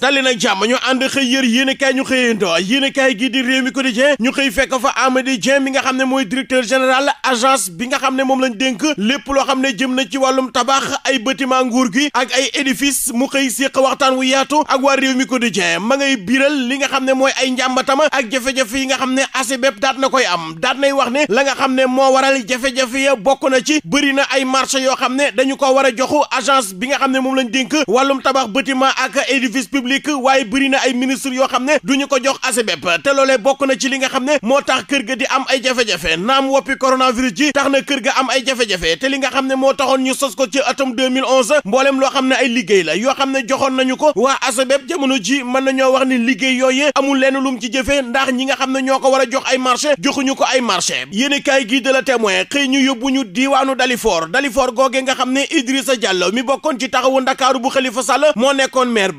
dali nag jàmm ñu ànd xëy yër yéenekaay ñu xëyandoo yéenekaay gi di réew mi quotidien ñu xëy fekk fa Amady Dieng bi nga xam ne mooy directeur général agence bi nga xam ne moom lañu dénk lépp loo xam ne jëm na ci wàllum tabax ay bâtiment nguur gi ak ay édifice mu xëy séq waxtaan wu yaatu ak waa réew mi quotidien ma ngay biiral li nga xam ne mooy ay njàmbatam ak jafe-jafe yi nga xam ne ACBEP daat na koy am daat nay wax ne la nga xam ne moo waral jafe-jafe ya bokk na ci bëri na ay marché yoo xam ne dañu ko war a joxu agence bi nga xam ne moom lañ dénk wàllum tabax bâtiment ak édifice public publique waaye bëri na ay ministre yoo xam ne du ñu ko jox ASBEP te loolee bokk na ci li nga xam ne moo tax kër ga di am ay jafe-jafe naam woppi coronavirus ji tax na kër ga am ay jafe-jafe te li nga xam ne moo taxoon ñu sos ko ci atum 2011 mboolem loo xam ne ay liggéey la yoo xam ne joxoon nañu ko waa ASBEP jamono ji mën nañoo wax ni liggéey yooyu amul lenn lum ci jëfe ndax ñi nga xam ne ñoo ko war a jox ay marché joxuñu ko ay marché yéen kaay gi de la témoin xëy ñu yóbbu ñu diiwaanu Dalifor Dalifor googee nga xam ne Idrissa Diallo mi bokkoon ci taxawu Ndakaaru bu Khalifa Sall moo nekkoon maire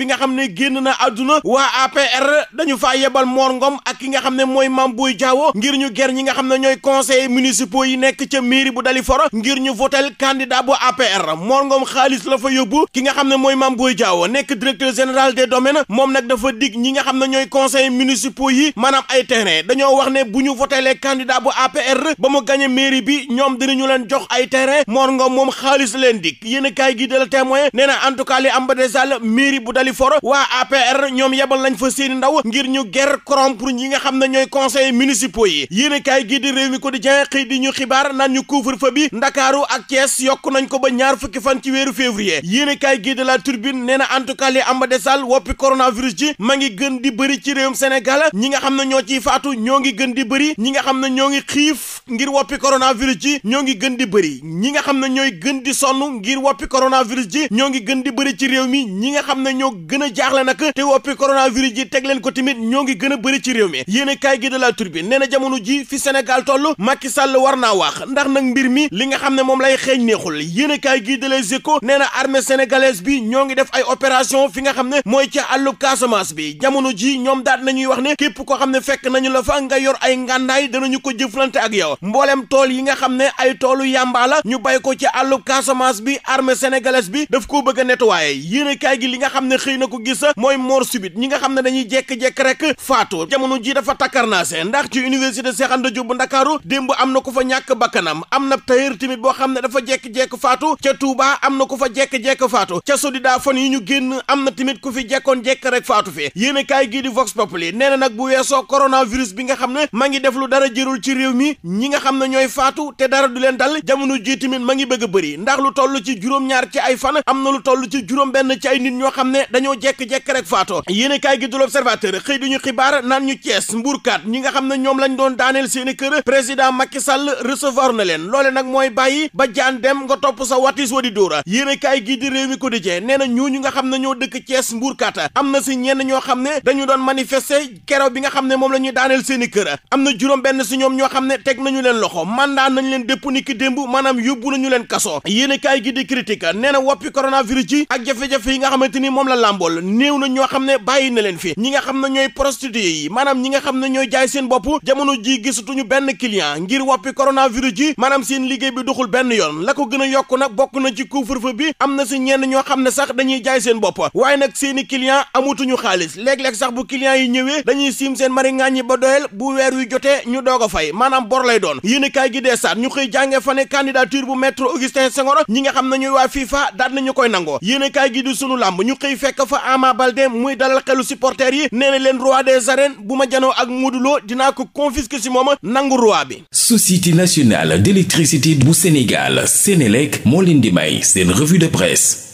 bi nga xam ne génn na adduna waa APR dañu faa yebal Mor Ngom ak ki nga xam ne mooy Mame Boye Diao ngir ñu ger ñi nga xam ne ñooy conseillers municipaux yi nekk ca mairie bu dali Dalifort ngir ñu votel candidat bu APR Mor Ngom xaalis la fa yóbbu ki nga xam ne mooy Mame Boye Diao nekk directeur général des domaines moom nag dafa dig ñi nga xam ne ñooy conseillers municipaux yi maanaam ay terrain dañoo wax ne bu ñu votelee candidat bu APR ba mu gagné mairie bi ñoom dinañu leen jox ay terrain Mor Ngom moom xaalis leen dig yéen a kaay gi de la témoin nee bu Dalifort Dalifort waa APR ñoom yebal nañ fa seeni ndaw ngir ñu ger corrompre ñi nga xam ne ñooy conseillers municipaux yi yéenekaay gi di Rewmi Quotidien xëy di ñu xibaar naan ñu couvre-feu bi Ndakaaru ak Thiès yokk nañ ko ba ñaar fukki fan ci weeru février yéenekaay gi de La Tribune nee na en tout cas li amba desal woppi coronavirus ji ma ngi gën di bëri ci réewum Sénégal ñi nga xam ne ñoo ciy faatu ñoo ngi gën di bëri ñi nga xam ne ñoo ngi xiif ngir woppi coronavirus ji ñoo ngi gën di bëri ñi nga xam ne ñooy gën di sonn ngir woppi coronavirus ji ñoo ngi gën di bëri ci réew mi ñi gën a jaaxle nag te woppi coronavirus ji teg leen ko tamit ñoo ngi gën a bëri ci réew mi yéen kaay gi de la Tribune nee na jamono ji fi Sénégal toll Macky Sall war naa wax ndax nag mbir mi li nga xam ne moom lay xeeñ neexul yéen kaay gi de Les Échos nee na armée sénégalaise bi ñoo ngi def ay opération fi nga xam ne mooy ca àllub Casamance bi jamono ji ñoom daat nañuy wax ne képp koo xam ne fekk nañu la fa nga yor ay ngàndaay danañu ko jëflante ak yow mboolem yi nga xam ne ay toolu yàmbaa la ñu bay ko ci àllub Casamance bi bi daf koo bëgg a nettoyer yéen kaay gi li xëy na ko gis mooy mort subite ñi nga xam ne dañuy jekk-jekk rek faatu jamono ji dafa takkarnaase ndax ci université Cheikh Anta Diop bu Ndakaaru démb am na ko fa ñàkk bakkanam am na tailleur tamit boo xam ne dafa jekk-jekk faatu ca Touba am na ko fa jekk-jekk faatu ca Sodida fan yi ñu génn am na tamit ku fi jekkoon jekk rek faatu fi yéen kaay gii di Vox nee na nag bu weesoo coronavirus bi nga xam ne ma ngi def lu dara jërul ci réew mi ñi nga xam ne ñooy faatu te dara du leen dal jamono ji tamit ma ngi bëgg bëri ndax lu toll ci juróom-ñaar ci ay fan am na lu toll ci juróom benn ci ay nit ñoo xam ne dañoo jekk-jekk rek faatoo yéen kaay gi du l'observateur xëy duñu xibaar naan ñu Thiès mbuurkat ñi nga xam ne ñoom lañ doon daaneel seeni kër président Macky Sall recevoir na leen loole nag mooy bàyyi ba jaan dem nga topp sa watis wa di dóora yéen kaay gi di réew mi quotidien nee ñu ñu nga xam ne ñoo dëkk cees mbuurkat am na si ñenn ñoo xam ne dañu doon manifester keroog bi nga xam ne moom la ñuy daaneel seeni kër am na juróom benn si ñoom ñoo xam ne teg nañu leen loxo mandat nañ leen dépp niki démb maanaam yóbbu nañu leen kaso yéen kaay gi di critique nee na woppi coronavirus ji ak jafe-jafe yi nga xamante ni moom la làmbool néew na ñoo xam ne bàyyi na leen fi ñi nga xam ne ñooy prostitué yi maanaam ñi nga xam ne ñooy jaay seen bopp jamono ji gisatuñu benn client ngir woppi coronavirus ji maanaam seen liggéey bi doxul benn yoon la ko gën a yokk nag bokk na ci couvre-feu bi am na si ñenn ñoo xam ne sax dañuy jaay seen bopp waaye nag seeni client amutuñu xaalis léeg-léeg sax bu client yi ñëwee dañuy siim seen mari ngaañ yi ba doyal bu weer wi jotee ñu doog a fay maanaam bor lay doon yéenekaay gi dee saat ñu xëy jànge fa ne candidature bu maître Augustin Senghor ñi nga xam ne ñooy waa FIFA daal nañu koy nangoo yéenekaay gi di sunu fekk fa Ama muy dalal xelu supporters yi nee leen roi des arènes bu ma janoo ak Modou Lo dinaa ko confisquer ci moom nangu roi bi. Société nationale d'électricité bu Sénégal Sénélec moo leen di may seen revue de presse.